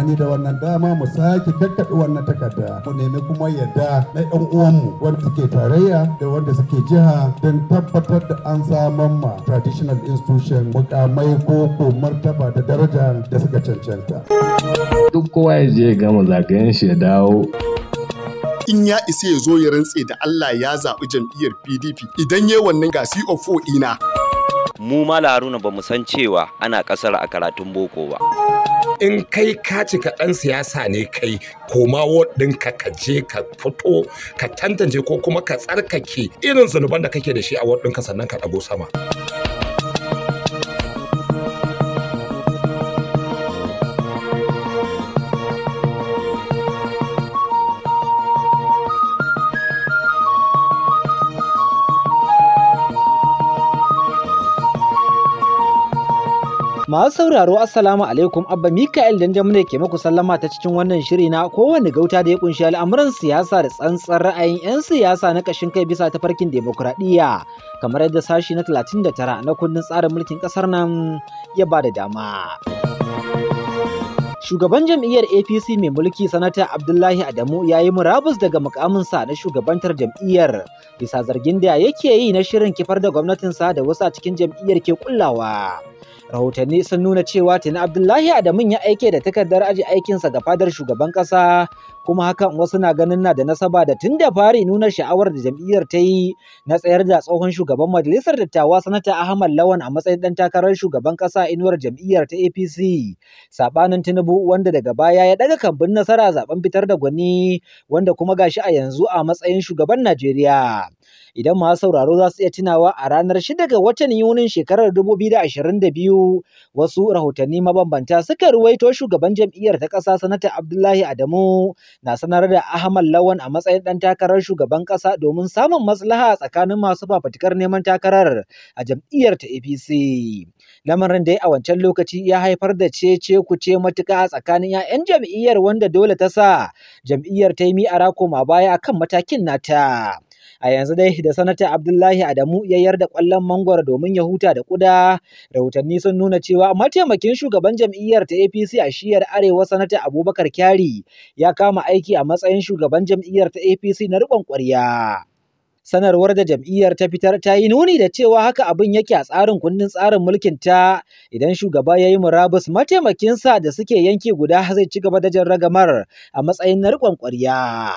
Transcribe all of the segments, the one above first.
amfani da wannan dama mu sake kakkaɗe wannan takarda mu nemi kuma yadda na yan uwanmu wanda suke tarayya da wanda suke jiha don tabbatar da an saman ma traditional institution mukamai ko ko martaba da daraja da suka cancanta. Duk kowa ya je gama zagayen shi ya dawo. in ya isa ya zo ya rantse da Allah ya zaɓi jam'iyyar PDP idan ya wannan ga CO4 ina. mu mala haruna ba mu san cewa ana kasar a karatun boko ba in kai ka cika ɗan siyasa ne kai koma ɗinka ka je ka fito ka tantance ko kuma ka tsarkake irin zunuban da kake da shi a ka sannan ka ɗago sama Masu sauraro Assalamu alaikum Abba Mikael Danjamu ne ke muku sallama ta cikin wannan shiri na kowane gauta da ya kunshi al'amuran siyasa da tsantsar ra'ayin 'yan siyasa na kashin kai bisa tafarkin demokuraɗiyya kamar yadda sashi na 39 na kundin tsarin mulkin kasar nan ya ba da dama. Shugaban jam'iyyar APC mai mulki sanata Abdullahi Adamu ya yi murabus daga mukaminsa na shugabantar jam'iyyar bisa zargin da yake yi na shirin kifar da gwamnatinsa da wasu a cikin jam'iyyar ke kullawa. rahotanni sun nuna cewa tuni abdullahi adamun ya aike da takardar aji aikinsa ga fadar shugaban kasa kuma hakan wasu na ganin na da nasaba da tun da fari nuna sha'awar da jam'iyyar ta yi na tsayar da tsohon shugaban majalisar dattawa sanata ahmad lawan a matsayin dan takarar shugaban kasa inuwar jam'iyyar ta apc sabanin tinubu wanda daga baya ya daga kambun nasara zaben fitar da gwani wanda kuma gashi a yanzu a matsayin shugaban najeriya Idan masu sauraro za su iya tunawa a ranar 6 ga watan Yunin shekarar 2022 wasu rahotanni mabambanta suka ruwaito shugaban jam'iyyar ta ƙasa sanata Abdullahi Adamu na sanar da Ahmad Lawan a matsayin ɗan takarar shugaban ƙasa domin samun maslaha tsakanin masu fafutukar neman takarar a jam'iyyar ta APC. Lamarin dai a wancan lokaci ya haifar da ce-ce-ku-ce matuƙa tsakanin 'ya'yan jam'iyyar wanda dole ta sa jam'iyyar ta yi mi'ara koma baya akan matakin nata. A yanzu dai da sanata Abdullahi Adamu ya yarda kwallon mangwaro domin ya huta da kuda, rahotanni sun nuna cewa mataimakin shugaban jam'iyyar ta APC a shiyar Arewa sanata Abubakar Kyari ya kama aiki a matsayin shugaban jam'iyyar ta APC na riƙon ƙwarya. sanarwar da jam'iyyar ta fitar ta yi nuni da cewa haka abin yake a tsarin kundin tsarin mulkin ta idan shugaba ya yi murabus mataimakinsa da suke yanki guda zai ci gaba da jan ragamar a matsayin na riƙon ƙwarya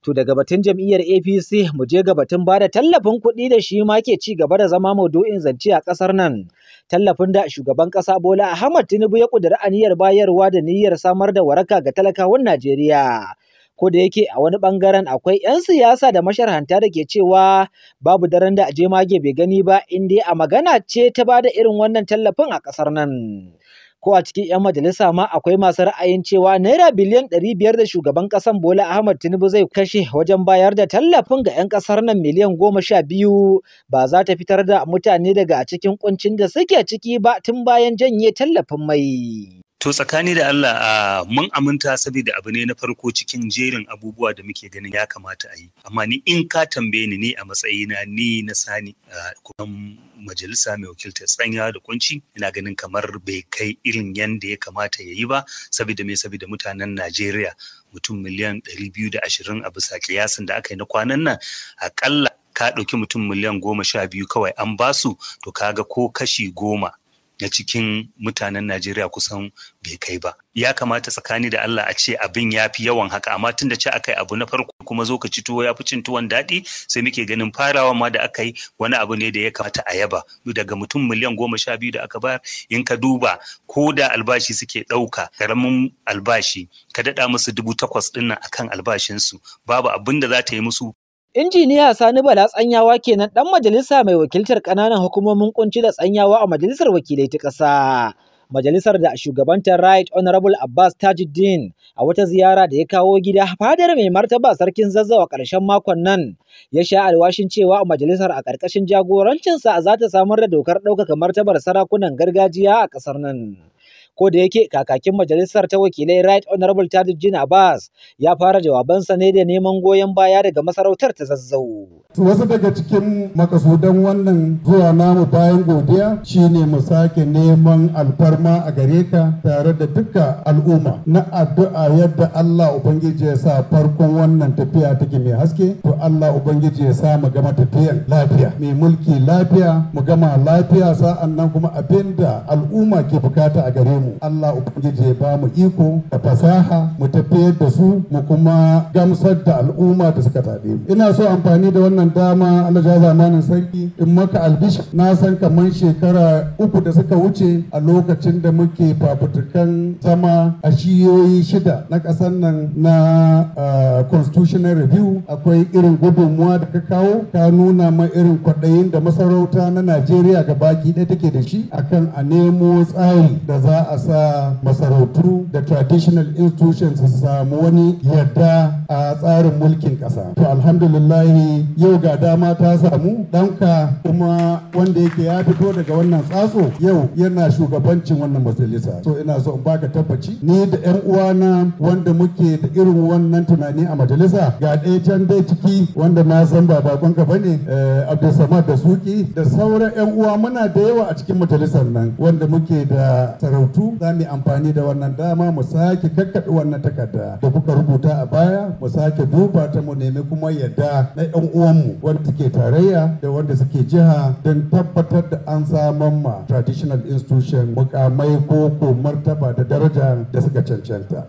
To daga batun jam'iyyar APC mu je ga batun bada tallafin kuɗi da shi ma ke ci gaba da zama maudu'in zance a ƙasar nan. Tallafin da shugaban ƙasa Bola Ahmad Tinubu ya ƙudiri aniyar bayarwa da niyyar samar da waraka ga talakawan Najeriya. ko da yake a wani bangaren akwai 'yan siyasa da masharhanta da ke cewa babu daren da a aje mage bai gani ba in dai a magana ce ta bada irin wannan tallafin a ƙasar nan. ko a cikin 'yan majalisa ma akwai masu ra'ayin cewa naira biliyan ɗari biyar da shugaban ƙasan bola ahmad tinubu zai kashe wajen bayar da tallafin ga 'yan ƙasar nan miliyan goma sha biyu ba za ta fitar da mutane daga cikin kuncin da suke ciki ba tun bayan janye tallafin mai To tsakani da Allah mun aminta saboda abu ne na farko cikin jerin abubuwa da muke ganin ya kamata a yi. Amma ni in ka tambaye ni ne a matsayina ni na sani kuma majalisa mai wakiltar tsanya da kunci ina ganin kamar bai kai irin yanda ya kamata ya yi ba saboda mai saboda mutanen najeriya mutum miliyan 220 a bisa kiyasin da aka yi na kwanan nan akalla ka ɗauki mutum miliyan goma sha biyu kawai an basu to kaga ko kashi goma na cikin mutanen Najeriya kusan bai kai ba. Ya kamata tsakani da Allah a ce abin ya fi yawan haka amma tun da ci aka yi abu na farko kuma zo ka ci tuwo ya fi cin tuwon daɗi sai muke ganin farawa ma da aka yi wani abu ne da ya kamata a yaba daga mutum miliyan goma sha biyu da aka bayar in ka duba ko da albashi suke ɗauka karamin albashi ka daɗa musu dubu takwas ɗin nan akan albashinsu babu abin da za ta yi musu Injiniya Sani Bala Tsanyawa kenan ɗan majalisa mai wakiltar ƙananan hukumomin ƙunci da Tsanyawa a Majalisar Wakilai ta ƙasa. Majalisar da shugabantar Right Honorable Abbas Tajuddin a wata ziyara da ya kawo gida fadar mai martaba sarkin zazzawa ƙarshen makon nan ya sha alwashin cewa a majalisar a ƙarƙashin jagorancinsa za ta samar da dokar ɗaukaka martabar sarakunan gargajiya a ƙasar nan. ko da yake kakakin majalisar ta wakilai right honorable tajuddin abbas ya fara jawabansa ne da neman goyon baya daga masarautar ta zazzau wasu daga cikin makasudan wannan zuwa namu bayan godiya shine mu sake neman alfarma a gare ka tare da duka al'umma na addu'a yadda allah ubangiji ya sa farkon wannan tafiya take mai haske to allah ubangiji ya sa mu gama tafiyan lafiya mai mulki lafiya mu gama lafiya sa'an nan kuma abinda al'umma ke bukata a gare mu mu Allah ubangiji ya ba mu iko da fasaha mu tafiyar da su mu kuma gamsar da al'umma da suka zabe. mu ina so amfani da wannan dama Allah ja zamanin sarki in maka albish na san kamar shekara uku da suka wuce a lokacin da muke fafutukan sama a shiyoyi shida na kasar nan na constitutional review akwai irin gudunmuwa da ka kawo ka nuna ma irin kwaɗayin da masarauta na Najeriya ga baki ɗaya take da shi akan a nemo tsari da za a sa masarautu da traditional institutions su samu wani yarda a tsarin mulkin kasa To alhamdulillah yau ga dama ta samu danka kuma wanda yake ya fito daga wannan tsaso yau yana shugabancin wannan majalisa. So ina so in baka tabbaci ni da 'yan uwana wanda muke da irin wannan tunani a majalisa ga ɗaya can dai ciki wanda na san ba bakon ka bane eh, Abdulsamad da Suki da sauran 'yan uwa muna da yawa a cikin majalisar nan wanda muke da sarautu karatu za mu amfani da wannan dama mu sake kakkaɗe wannan takarda da kuka rubuta a baya mu sake duba ta mu nemi kuma yadda na yan uwanmu wanda suke tarayya da wanda suke jiha don tabbatar da an samar ma traditional institution mukamai ko ko martaba da daraja da suka cancanta.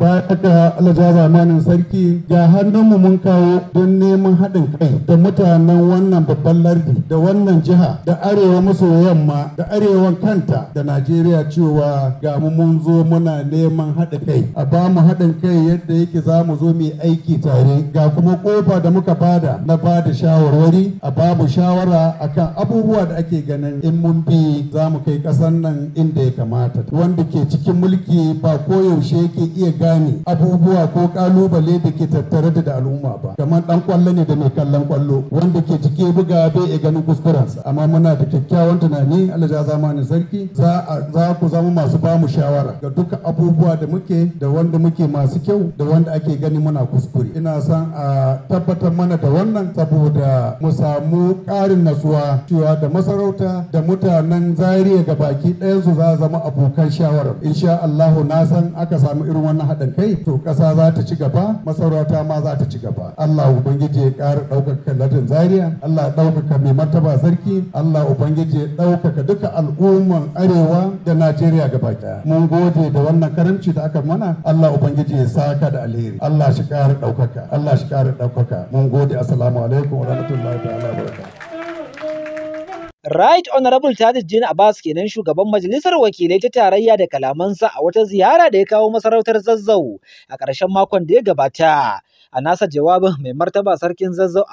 ya ɗaga manin zamanin sarki ga mu mun kawo don neman haɗin kai da mutanen wannan babban lardi da wannan jiha da arewa maso yamma da arewan kanta da najeriya cewa ga mu mun zo muna neman haɗa kai a ba mu haɗin kai yadda yake za mu zo mu aiki tare ga kuma kofa da muka bada na bada shawarwari a ba mu shawara akan abubuwa da ake ganin in mun bi za mu kai ƙasan nan inda ya kamata wanda ke cikin mulki ba koyaushe yake iya gane abubuwa ko kalubale da ke tattare da al'umma ba kamar dan kwallo ne da mai kallon kwallo wanda ke cike buga bai iya ganin kuskurensa amma muna da kyakkyawan tunani Allah ya zamanin sarki za ku zama masu ba mu shawara ga duka abubuwa da muke da wanda muke masu kyau da wanda ake gani muna kuskure ina son a tabbatar mana da wannan saboda mu samu karin natsuwa cewa da masarauta da mutanen zariya ga baki ɗayansu za zama abokan shawara insha Allah na san aka samu irin wannan haɗin kai to ƙasa za ta ci gaba masarauta ma za ta ci gaba Allah ubangiji ya ƙara ɗaukaka ladin zaria Allah ya ɗaukaka mai martaba sarki Allah ubangiji ya ɗaukaka duka al'umman arewa da Najeriya gaba ɗaya mun gode da wannan karamci da aka mana Allah ubangiji ya saka da alheri Allah shi ƙara ɗaukaka Allah shi ƙara ɗaukaka mun gode assalamu alaikum wa rahmatullahi ta'ala wa barakatuh Right Honorable Jin Abbas kenan shugaban Majalisar Wakilai ta Tarayya da kalamansa a wata ziyara da ya kawo masarautar Zazzau a ƙarshen makon da ya gabata. A nasa jawabin mai martaba sarkin Zazzau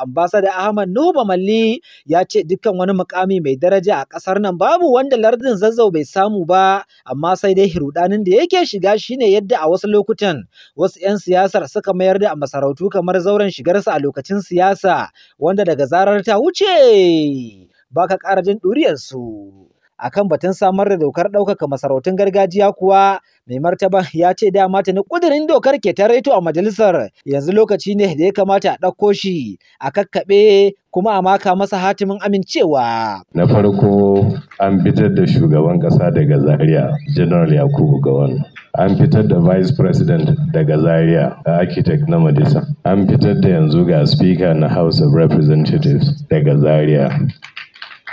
da Ahmad Nuba Malli ya ce dukkan wani mukami mai daraja a ƙasar nan babu wanda lardin Zazzau bai samu ba amma sai dai hirudanin da yake shiga shine yadda a wasu lokutan wasu 'yan siyasar suka mayar da masarautu kamar zauren shigarsa a lokacin siyasa wanda daga zarar ta wuce ba ka ƙara jin ɗuriyarsu. a kan batun samar da dokar ɗaukaka masarautun gargajiya kuwa mai martaba ya ce dama ni ƙudurin dokar ke ta raito a majalisar yanzu lokaci ne da ya kamata a ɗauko shi a kakkaɓe kuma a maka masa hatimin amincewa. na farko an fitar da shugaban ƙasa daga zaria general yakubu gawan an fitar da vice president daga zaria architect na madisa an fitar da yanzu ga speaker na house of representatives daga zaria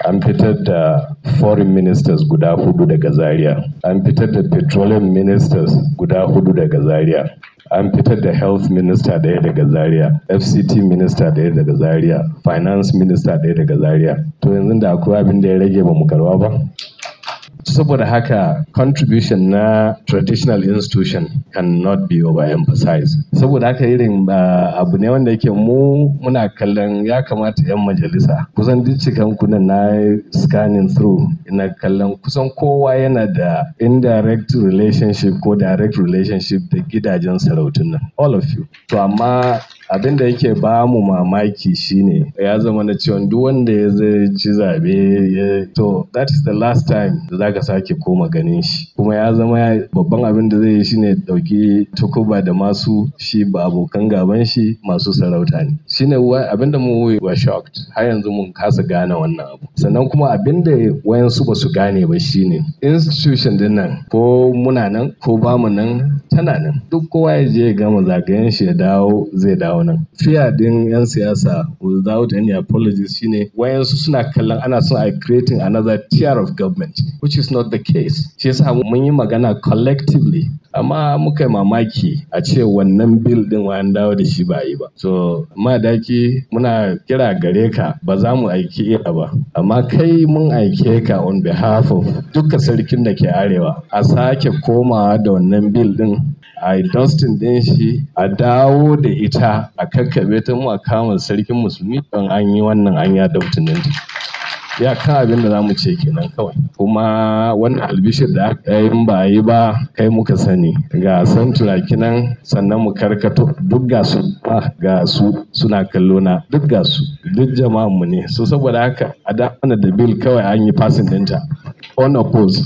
an fitar da foreign ministers guda hudu daga zaria an fitar da petroleum ministers guda hudu daga zaria an fitar da health minister daya daga zaria fct minister daya daga zaria finance minister daya daga zaria to yanzu da akwai abin da ya rage ba mu karba ba saboda haka contribution na traditional institution cannot be overemphasized saboda haka irin abu ne wanda yake mu muna kallon ya kamata 'yan majalisa kusan dukkan ku na scanning through ina kallon kusan kowa yana da indirect relationship ko direct relationship da gidajen sarautun nan all of you to amma abin da yake ba mu mamaki shine ya zama na cewa duk wanda ya zai ci zaɓe to that is the last time da zaka sake koma ganin shi kuma ya zama babban abin da zai yi shine dauki tukuba da masu shi ba abokan gaban shi masu sarauta ne shine abin da mu wa shocked har yanzu mun kasa gane wannan abu sannan kuma abin da wayansu ba su gane ba shine institution din nan ko muna nan ko ba mu nan tana nan duk kowa ya je ya gama zagayen shi ya dawo zai dawo wannan yan siyasa without any apologies shine wayansu suna kallon ana son a creating another tier of government which is not the case shi yasa mun yi magana collectively amma muka yi mamaki a ce wannan bil din an dawo da shi ba yi ba so madaki muna kira gare ka ba za mu aiki iya ba amma kai mun aike ka on behalf of duka sarkin da ke arewa a sake komawa da wannan bil din a dustin din shi a dawo da ita a kakkabe ta mu a kamun sarkin musulmi don an yi wannan an ya dautin ya kan abin da mu ce kenan kawai kuma wani albishir da aka yi ba yi ba kai muka sani ga san turaki nan sannan mu karkato duk ga su ah, ga su suna kallo na duk ga su duk jama'an mu ne so saboda haka a da da bill kawai an yi passing danta on oppose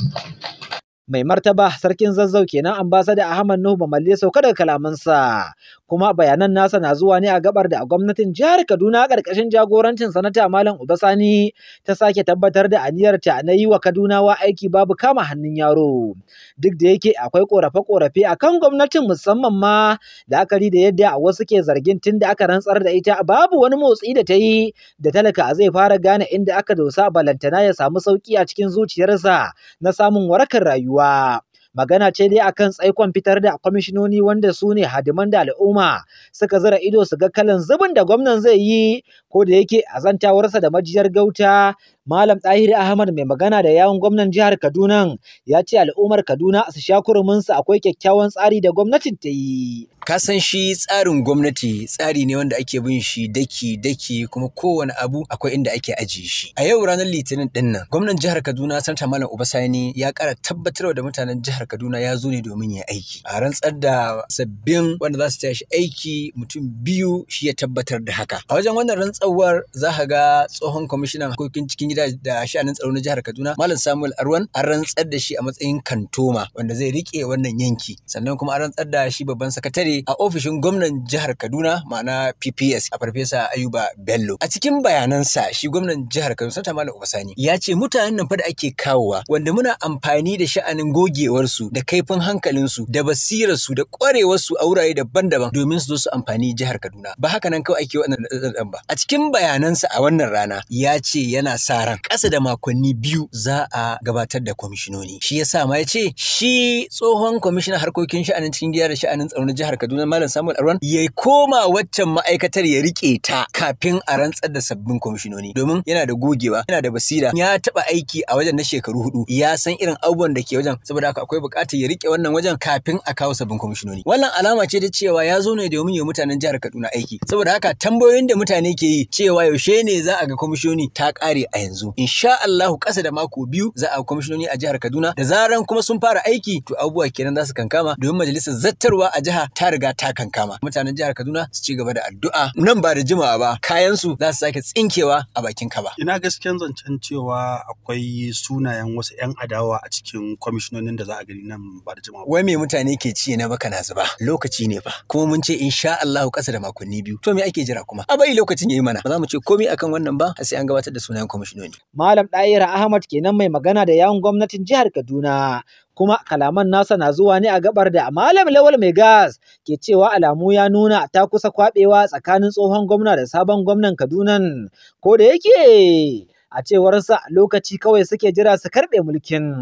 mai martaba sarkin zazzau kenan ambasada Ahmad Nuhu Bamalle sauka daga kalamansa kuma bayanan nasa na zuwa ne a gabar da a gwamnatin jihar Kaduna ƙarƙashin jagorancin sanata Malam Ubasani ta sake tabbatar da aniyarta na yi wa Kadunawa aiki babu kama hannun yaro. Duk da yake akwai korafe-korafe a kan gwamnatin musamman ma Da la'akari da yadda wasu ke zargin tun da aka rantsar da ita babu wani motsi da ta yi da talaka zai fara gane inda aka dosa balantana ya samu sauki a cikin zuciyarsa na samun warakar rayuwa. magana ce dai akan tsaikon fitar da kwamishinoni wanda su ne hadiman da al'umma suka zira ido su ga kalan zubin da gwamnan zai yi ko da yake azantawarsa da majiyar gauta Malam Tahir Ahmad mai magana da yawun gwamnan jihar Kaduna ya ce al'ummar Kaduna su sha kurumin su akwai kyakkyawan tsari da gwamnatin ta yi. Ka san shi tsarin gwamnati tsari ne wanda ake bin shi daki-daki kuma kowane abu akwai inda ake ajiye shi. A yau ranar Litinin din nan gwamnan jihar Kaduna Santa Malam Uba Sani, ya kara tabbatar da mutanen jihar Kaduna ya zo ne domin ya aiki. A rantsar da sabbin wanda za su tashi aiki mutum biyu shi ya tabbatar da haka. A wajen wannan rantsawar za ga tsohon kwamishinan harkokin cikin gida. shida da sha'anin tsaro na jihar Kaduna Malam Samuel Arwan an rantsar da shi a matsayin kantoma wanda zai rike wannan yanki sannan kuma an rantsar da shi babban sakatare a ofishin gwamnan jihar Kaduna ma'ana PPS a farfesa Ayuba Bello a cikin bayanansa shi gwamnan jihar Kaduna sata Malam Obasani ya ce mutanen nan fa da ake kawowa wanda muna amfani da sha'anin gogewarsu da kaifin hankalinsu da basirarsu da kwarewarsu a wurare daban-daban domin su zo su amfani jihar Kaduna ba haka nan kawai ake wannan ba a cikin bayanansa a wannan rana ya ce yana sa taron ƙasa da makonni biyu za a gabatar da kwamishinoni shi ya sa ma ya ce shi tsohon kwamishinan harkokin sha'anin cikin gida da sha'anin tsaron na jihar Kaduna Malam Samuel Arwan ya koma waccan ma'aikatar ya rike ta kafin a rantsar da sabbin kwamishinoni domin yana da gogewa yana da basira ya taɓa aiki a wajen na shekaru hudu ya san irin abubuwan da ke wajen saboda haka akwai buƙatar ya rike wannan wajen kafin a kawo sabbin kwamishinoni wannan alama ce ta cewa ya zo ne domin ya mutanen jihar Kaduna aiki saboda haka tambayoyin da mutane ke yi cewa yaushe ne za a ga kwamishinoni ta ƙare a yanzu insha allahu ƙasa da mako biyu za a kwamishinoni a jihar Kaduna da zaran kuma sun fara aiki to abubuwa kenan za su kankama domin majalisar zattarwa a jiha ta riga ta kankama mutanen jihar Kaduna su ci gaba da addu'a nan ba da jimawa ba kayan su za su sake tsinkewa a bakin ka ba. ina gaskiyan zancen cewa akwai sunayen wasu 'yan adawa a cikin kwamishinonin da za a gani nan ba da jimawa wai me mutane ke ci na baka nasu ba lokaci ne fa kuma mun ce insha allahu kasa da makonni biyu to me ake jira kuma a bai lokacin yayi mana ba za mu ce komai akan wannan ba sai an gabatar da sunayen Malam Daira Ahmad kenan mai magana da yawun gwamnatin jihar Kaduna. Kuma kalaman nasa na zuwa ne a gabar da Malam Lawal Mai Gas ke cewa alamu ya nuna ta kusa kwabewa tsakanin tsohon gwamna da sabon gwamnan Kaduna. Ko da yake a cewarsa lokaci kawai suke jira su karɓe mulkin.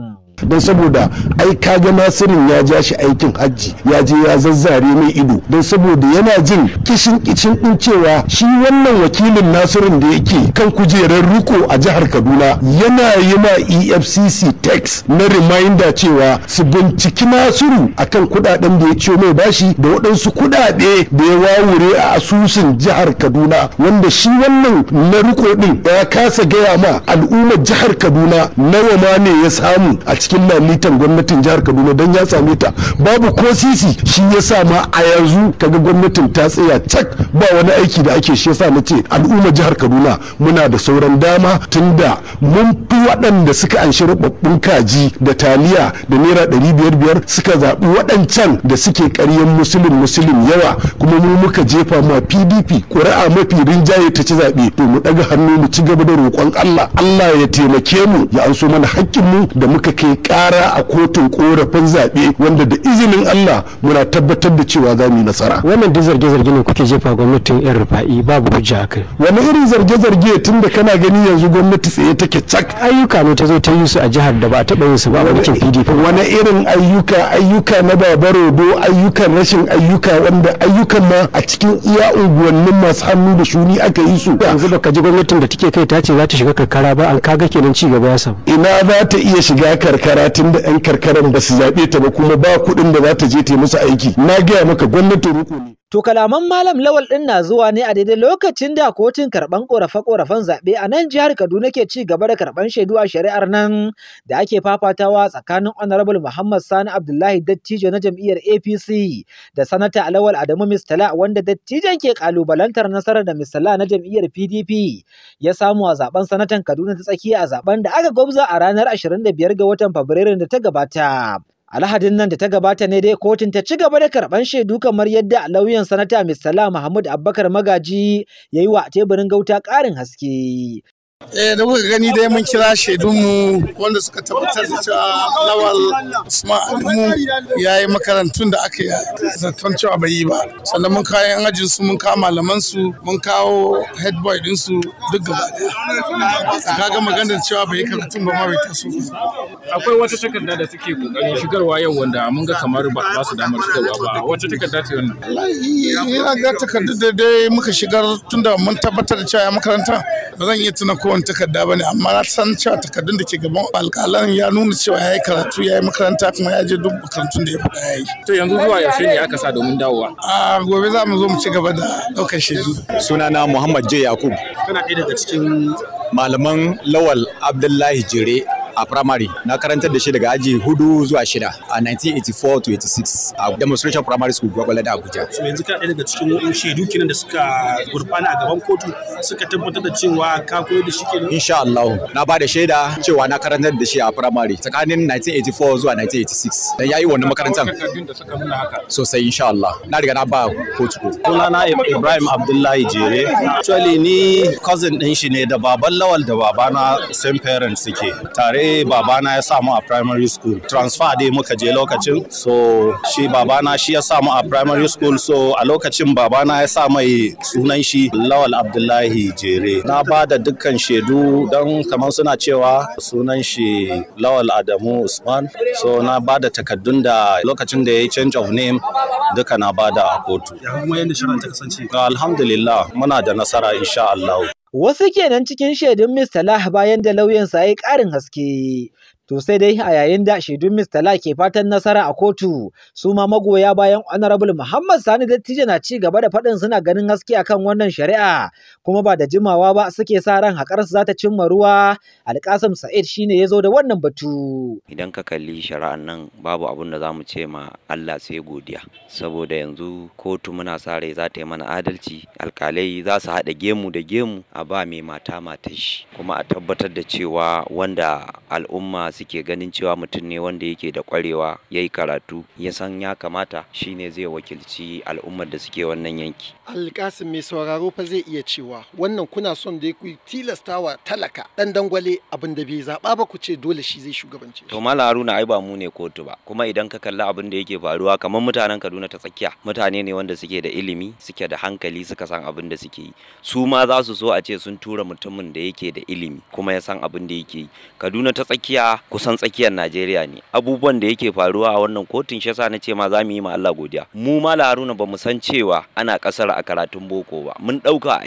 Don saboda ai kaga Nasirin ya ja shi aikin hajji ya je ya zazzare mai ido don saboda yana jin kishin kicin din cewa shi wannan wakilin Nasirin da yake kan kujerar riko a jihar Kaduna yana yi ma EFCC tax na reminder cewa su binciki Nasiru akan kuɗaɗen da ya ciyo mai bashi da waɗansu kuɗaɗe da ya wawure a asusun jihar Kaduna wanda shi wannan na riko din ya kasa gaya ma al'ummar jihar kaduna nawa ma ne ya samu a cikin lamitan gwamnatin jihar kaduna don ya same ta babu ko sisi shi ya sa ma a yanzu kaga gwamnatin ta tsaya cak ba wani aiki da ake shi yasa na ce al'ummar jihar kaduna muna da sauran dama tunda mun fi waɗanda suka anshi rubabbun kaji da taliya da naira ɗari biyar biyar suka zaɓi waɗancan da suke ƙaryan musulun musulun yawa kuma mu muka jefa ma pdp ƙuri'a mafi rinjaye ta ci zaɓe to mu ɗaga hannu mu ci gaba da roƙon Allah Allah ya taimake mu ya anso mana hakkin mu da muka kai ƙara a kotun korafin zaɓe wanda da izinin Allah muna tabbatar da cewa za mu yi nasara wannan duk zarge-zarge ne kuke jefa gwamnatin yan rufa'i babu hujja kai wani irin zarge-zarge tun da kana gani yanzu gwamnati tsaye take cak ayyuka ne ta zo ta yi su a jihar da ba taɓa yin su ba a cikin PDP wani irin ayyuka ayyuka na babaro do ayyukan rashin ayyuka wanda ayyukan ma a cikin iya unguwannin masu hannu da shuni aka yi su yanzu baka ji gwamnatin da take kai ta ce za ta shiga karkara ba an kaga kenan ci gaba ya samu ina za ta iya shiga karkara tun da yan karkaran ba su zaɓe ta ba kuma ba kuɗin da za ta je ta yi musu aiki na gaya maka gwamnati ruku ne To kalaman Malam Lawal ɗin na zuwa ne a daidai lokacin da kotun karɓan ƙorafe-ƙorafen zaɓe a nan jihar Kaduna ke ci gaba da karɓan shaidu a shari'ar nan da ake fafatawa tsakanin Honorable Muhammad Sani Abdullahi Dattijo na jam'iyyar APC da Sanata Lawal Adamu Mistala wanda dattijon ke ƙalubalantar nasarar da Mistala na jam'iyyar PDP ya samu a zaben sanatan Kaduna ta tsakiya a zaben da aka gwabza a ranar 25 ga watan Fabrairun da ta gabata. a lahadin nan da ta gabata ne dai kotun ta ci gaba da karɓan shaidu kamar yadda lauyan sanata mai salam mahmud abubakar magaji ya yi wa teburin gauta ƙarin haske Eh da kuka gani dai mun kira shaidunmu wanda suka tabbatar da cewa lawal Usman Adamu ya yi makarantun da aka yi zaton cewa bai yi ba. Sannan mun kawo yan ajin su mun kawo malaman su mun kawo head boy din su duk gaba daya. ga maganar cewa bai yi karatun ba ma bai taso. Akwai wata takarda da suke kokarin shigarwa yau wanda mun ga kamar ba ba su damar shigarwa ba. Wata takarda ce wannan? Ina ga takardu da dai muka shigar tunda mun tabbatar da cewa ya makaranta ba zan iya tuna kowane takarda bane amma na san cewa takardun da ke gaban alƙalan ya nuna cewa ya yi karatu ya yi makaranta kuma ya je duk makarantun da ya fada ya yi. To yanzu zuwa yaushe ne aka sa domin dawowa? A gobe za mu zo mu ci gaba da ɗaukar shaidu. Sunana Muhammad J Yakub. Kana ɗaya daga cikin malaman Lawal Abdullahi Jire a primary na karantar da shi daga aji hudu zuwa shida a 1984 to 86 a demonstration primary school gwagwala da abuja so yanzu ka daga cikin shaidu kenan da suka gurfana a gaban kotu suka tabbatar da cewa ka koyar da shi kenan insha Allah na ba da shaida cewa na karantar da shi a primary tsakanin 1984 zuwa 1986 dan yayi wannan makarantar sosai insha Allah na riga na ba kotu ko sunana Ibrahim Abdullahi Jere actually ni cousin din shi ne da baban Lawal da babana same parents suke tare NTA eh, babana ya samu a primary school transfer dai muka je lokacin so shi babana shi ya samu a primary school so a lokacin babana ya sa mai sunan shi Lawal Abdullahi Jere na ba da dukkan shaidu don kamar suna cewa sunan shi Lawal Adamu Usman so na ba da takaddun da lokacin da ya yi change of name duka na ba da a kotu. Ya kuma Alhamdulillah muna da nasara insha Allah. Wasu kenan cikin shaidun Mr Lah bayan da lauyansa ya yi ƙarin haske. To sai dai a yayin da shaidun Mr. La ke fatan nasara a kotu, su ma magoya bayan Honorable Muhammad Sani Dattijo na ci gaba da faɗin suna ganin haske akan wannan shari'a, kuma ba da jimawa ba suke sa ran hakar su za ta cimma ruwa. Alƙasim Sa'id shine ya zo da wannan batu. Idan ka kalli shari'an nan babu abin da zamu ce ma Allah sai godiya, saboda yanzu kotu muna sa rai za ta yi mana adalci, alƙalai za su haɗa gemu da gemu a ba mai mata mata shi, kuma a tabbatar da cewa wanda al'umma suke ganin cewa mutum ne wanda yake da kwarewa ya yi karatu ya san ya kamata shine zai wakilci al'ummar da suke wannan yanki alkasin mai sauraro fa zai iya cewa wannan kuna son da ya ku tilastawa talaka dan dangwale abin da bai zaba ba ku ce dole shi zai shugabance to mala haruna ai ba mu ne kotu ba kuma idan ka kalli abin da yake faruwa kamar mutanen kaduna ta tsakiya mutane ne wanda suke da ilimi suke da hankali suka san abin da suke yi su ma za su so a ce sun tura mutumin da yake da ilimi kuma ya san abin da yake yi kaduna ta tsakiya kusan tsakiyar najeriya ne abubuwan da yake faruwa a wannan kotun shi yasa na ce ma za mu yi ma Allah godiya mu mala haruna ba mu san cewa ana kasar a karatun boko ba mun ɗauka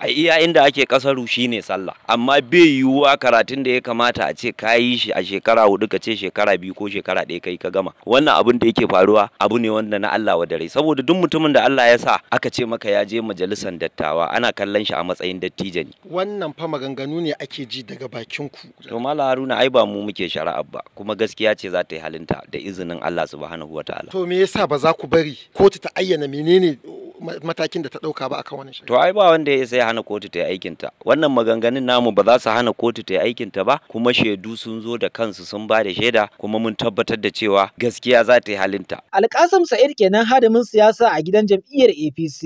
a iya inda ake kasaru shine sallah amma bai yiwuwa karatun da ya kamata a ce ka yi shi a shekara hudu ka ce shekara biyu ko shekara ɗaya kai ka gama wannan abin da yake faruwa abu ne wanda na Allah wa dare saboda duk mutumin da Allah ya sa aka ce maka ya je majalisar dattawa ana kallon shi a matsayin dattijo ne wannan fa maganganu ne ake ji daga bakin ku to mala haruna ai ba mu muke shari'a ba kuma gaskiya ce za ta yi halinta da izinin Allah subhanahu wataala to me yasa ba za ku bari kotu ta ayyana menene matakin da ta ɗauka ba akan wannan to ai ba wanda ya sai hana kotu ta yi aikin ta, wannan maganganun namu ba za su hana kotu ta yi aikin ta ba kuma shaidu sun zo da kansu sun ba da shaida kuma mun tabbatar da cewa gaskiya za ta yi halinta alƙasam sa'id kenan hadimin siyasa a gidan jam'iyyar apc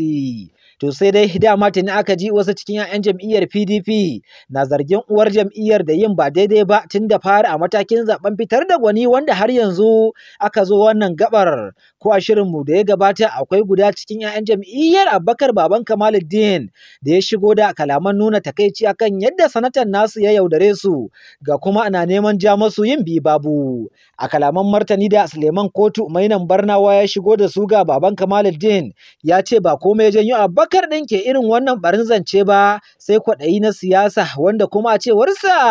To sai dai mata ne aka ji wasu cikin 'ya'yan jam'iyyar PDP na zargin uwar jam'iyyar da yin ba daidai ba tun da fara a matakin zaben fitar da gwani wanda har yanzu aka zo wannan gabar. Ko a shirin mu da ya gabata akwai guda cikin 'ya'yan jam'iyyar Abubakar Baban Kamaluddin da ya shigo da kalaman nuna takaici akan yadda sanatan nasu ya yaudare su ga kuma ana neman ja masu yin bi babu. A kalaman martani da Suleiman Kotu Mainan Barnawa ya shigo da su ga Baban Kamaluddin ya ce ba komai ya janyo Abubakar kar ɗin ke irin wannan ɓarin zance ba sai kwaɗayi na siyasa wanda kuma a cewarsa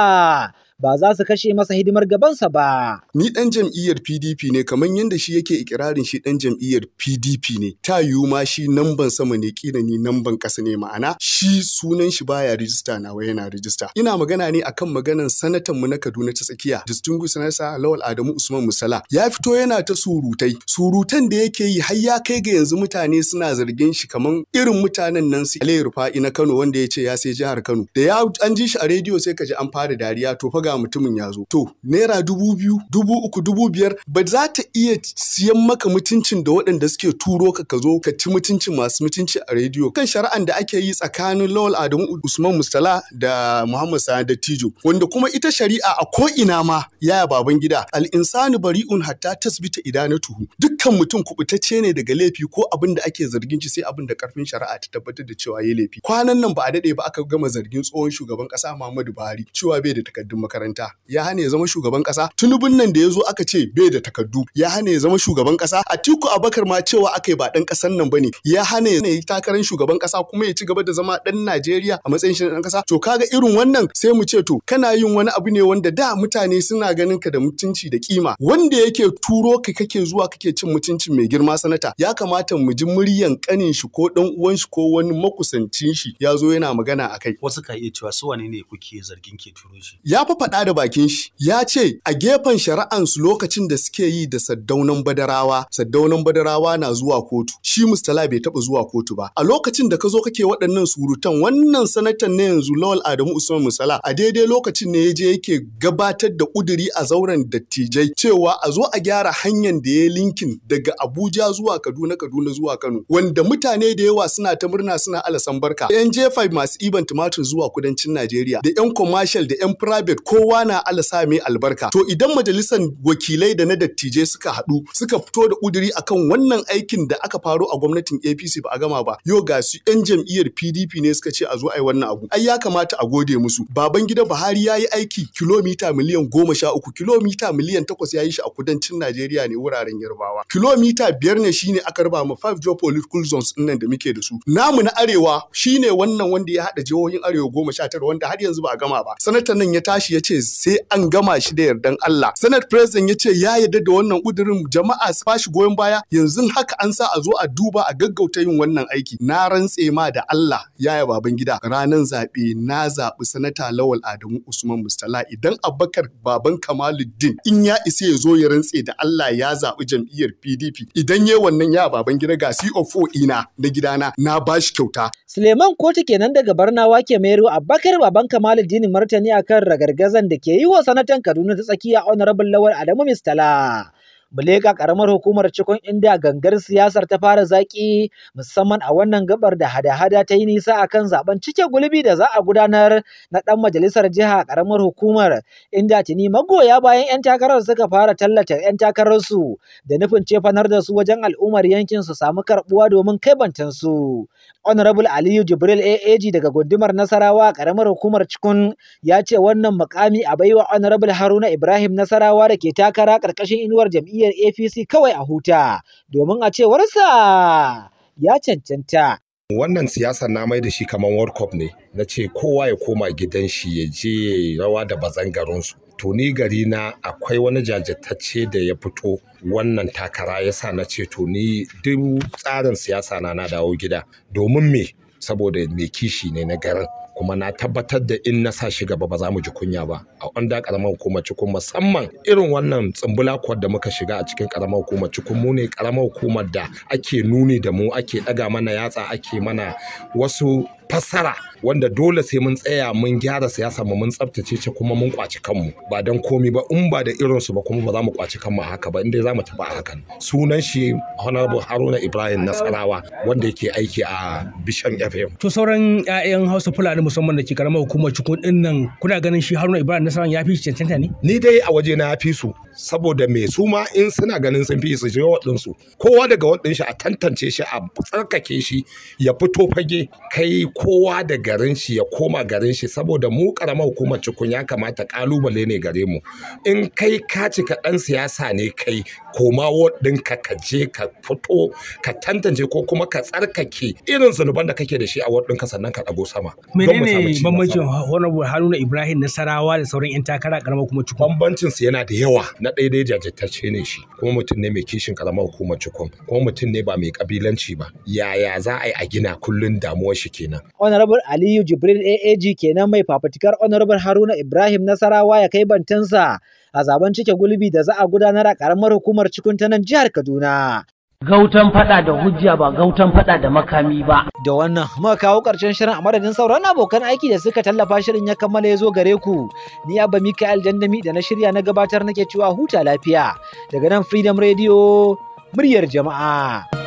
ba za su kashe masa hidimar gabansa ba. Ni ɗan jam'iyyar PDP ne kamar yadda shi yake ikirarin shi ɗan jam'iyyar PDP ne. Ta yiwu ma shi namban sama ne kila ni namban ƙasa ne ma'ana shi sunan shi baya rijista na nawa yana rijista. Ina magana ne akan maganan sanatan mu na Kaduna ta tsakiya distinguished Sanata Lawal Adamu Usman Musala ya fito yana ta surutai. Surutan da yake yi har ya kai ga yanzu mutane suna zargin shi kamar irin mutanen nan su Alayi Rufa'i na Kano wanda ya ce ya sai jihar Kano. Da ya an ji shi a rediyo sai ka ji an fara dariya to fa ga ga mutumin ya zo to naira dubu biyu dubu uku dubu biyar ba za ta iya siyan maka mutuncin da waɗanda suke turo ka ka zo ka ci mutuncin masu mutunci a rediyo kan shari'an da ake yi tsakanin lawal adamu usman mustala da muhammad sani da tijo wanda kuma ita shari'a a ko ina ma yaya baban gida al'insanu bari'un hatta tasbita tuhu dukkan mutum kubutacce ne daga laifi ko abin da ake zargin shi sai abin da karfin shari'a ta tabbatar da cewa ya laifi kwanan nan ba a daɗe ba aka gama zargin tsohon shugaban ƙasa muhammadu buhari cewa bai da takardun makara. makaranta ya hana ya zama shugaban kasa tunubin nan da ya zo aka ce bai da takardu ya hana ya zama shugaban kasa atiku abakar ma cewa aka yi ba dan kasan nan bane ya hana ya yi takarar shugaban kasa kuma ya ci gaba da zama dan najeriya a matsayin shi dan kasa to kaga irin wannan sai mu ce to kana yin wani abu ne wanda da mutane suna ganin ka da mutunci da kima wanda yake turo ka kake zuwa kake cin mutuncin mai girma sanata ya kamata mu ji muryan kanin shi ko dan uwan shi ko wani makusancin shi ya zo yana magana akai wasu ka iya cewa su wane ne kuke zargin ke turo shi ya fa faɗa da bakin shi ya ce a gefen shari'ansu lokacin da suke yi da saddaunan badarawa saddaunan badarawa na zuwa kotu shi mustala bai taɓa zuwa kotu ba a lokacin da ka zo kake waɗannan surutan wannan sanatan na yanzu lawal adamu usman musala a daidai lokacin ne ya je yake gabatar da ƙuduri a zauren dattijai cewa a zo a gyara hanyar da ya linkin daga abuja zuwa kaduna kaduna zuwa kano wanda mutane da yawa suna ta murna suna alasan barka yan jefa masu iban tumatir zuwa kudancin najeriya da yan commercial da yan private kowa na alasa mai albarka to idan majalisar wakilai da na dattijai suka haɗu suka fito da ƙuduri akan wannan aikin da aka faro a gwamnatin APC ba a gama ba yau ga su 'yan jam'iyyar PDP ne suka ce a zo a yi wannan abu ai ya kamata a gode musu baban gida Buhari ya yi aiki kilomita miliyan goma sha uku kilomita miliyan takwas ya yi shi a kudancin Najeriya ne wuraren Yarbawa kilomita biyar ne shine aka raba ma five geopolitical zones ɗin nan da muke da su namu na arewa shine wannan wanda ya haɗa jihohin arewa goma sha tara wanda har yanzu ba a gama ba sanatan nan ya tashi ya ce sai an gama shi da yardan Allah senate president ya ce ya yarda da wannan kudirin jama'a su bashi goyon baya yanzu haka an sa a zo a duba a gaggauta yin wannan aiki na rantse ma da Allah yaya baban gida Ranar zaɓe na zaɓi sanata lawal Adamu Usman Mustala idan Abubakar baban Kamaluddin in ya isa ya zo ya rantse da Allah ya zaɓi jam'iyyar PDP idan yayi wannan ya baban gida ga CO4 ina na gidana na bashi kyauta Suleiman Kotu kenan daga Barnawa ke Meru Abubakar baban Kamaluddin martani akan ragargaz ta'azan da ke yi wa sanatan Kaduna ta Tsakiya Honorable Lawal Adamu Mistala Mu a ƙaramar hukumar Cikun inda gangar siyasar ta fara zaki musamman a wannan gabar da hada-hada ta yi nisa a kan zaben cike gulbi da za a gudanar na ɗan majalisar jiha a karamar hukumar inda tuni magoya bayan 'yan takarar suka fara tallata 'yan takararsu da nufin cefanar da su wajen al'ummar yankin su samu karbuwa domin kai bantansu. Honorable Aliyu Jibril AAG daga gundumar Nasarawa a karamar hukumar Cikun ya ce wannan mukami a baiwa Honorable Haruna Ibrahim Nasarawa da ke takara ƙarƙashin inuwar jam'iyyar jam'iyyar APC kawai a huta domin a cewarsa ya cancanta. Wannan siyasa na mai da shi kamar World Cup ne, na ce kowa ya koma gidan shi ya je rawa da bazan garinsu. To ni gari na akwai wani jajirtacce da ya fito wannan takara ya sa na ce to ni duk tsarin siyasa na na dawo gida domin me saboda me kishi ne na garin. kuma na tabbatar da in na sa shi gaba ba za mu ji kunya ba a onda karamar hukumar cikin musamman irin wannan tsumbula da muka shiga a cikin karamar hukumar cikin ne karamar hukumar da ake nuni da mu ake daga mana yatsa ake mana wasu fassara wanda dole sai mun tsaya mun gyara siyasa mu mun tsaftace ce kuma mun kwaci kanmu ba dan komi ba in ba da irin su ba kuma ba za mu kwaci kanmu haka ba inda za mu tafi a hakan sunan shi honorable Haruna Ibrahim Nasarawa wanda yake aiki a Bishan FM to sauran ƴaƴan Hausa Fulani musamman da ke karamar hukumar cikin din nan kuna ganin shi Haruna Ibrahim Nasarawa ya fi cancanta ne ni dai a waje na ya fi su saboda me su ma in suna ganin sun fi su je waɗin kowa daga waɗin shi a tantance shi a tsarkake shi ya fito fage kai kowa da garin shi ya koma garin shi saboda mu karamar hukumar cikin ya kamata kalubale ne gare mu in kai ka cika dan siyasa ne kai koma wadin ka ka je ka fito ka tantance ko kuma ka tsarkake irin zunuban da kake da shi a wadin ka sannan ka dago sama menene bambancin honorable Haruna Ibrahim Nasarawa da sauran yan takara karamar hukumar cikin? bambancin su yana da yawa na daidai jajirtacce ne shi kuma mutum ne mai kishin karamar hukumar cikin. kuma mutum ne ba mai kabilanci ba yaya za a yi a gina kullun damuwar shi kenan Honorable Aliyu Jibril AAG kenan mai fafutukar Honorable Haruna Ibrahim Nasarawa ya kai bantansa a zaben cike gulbi da za a gudanar a karamar hukumar cikin ta nan jihar Kaduna. Gautan fada da hujja ba gautan fada da makami ba. Da wannan muka kawo karshen shirin a madadin sauran abokan aiki da suka tallafa shirin ya kammala ya zo gare ku. Ni Abba Mikael Jandami da na shirya na gabatar nake cewa huta lafiya. Daga nan Freedom Radio muryar jama'a.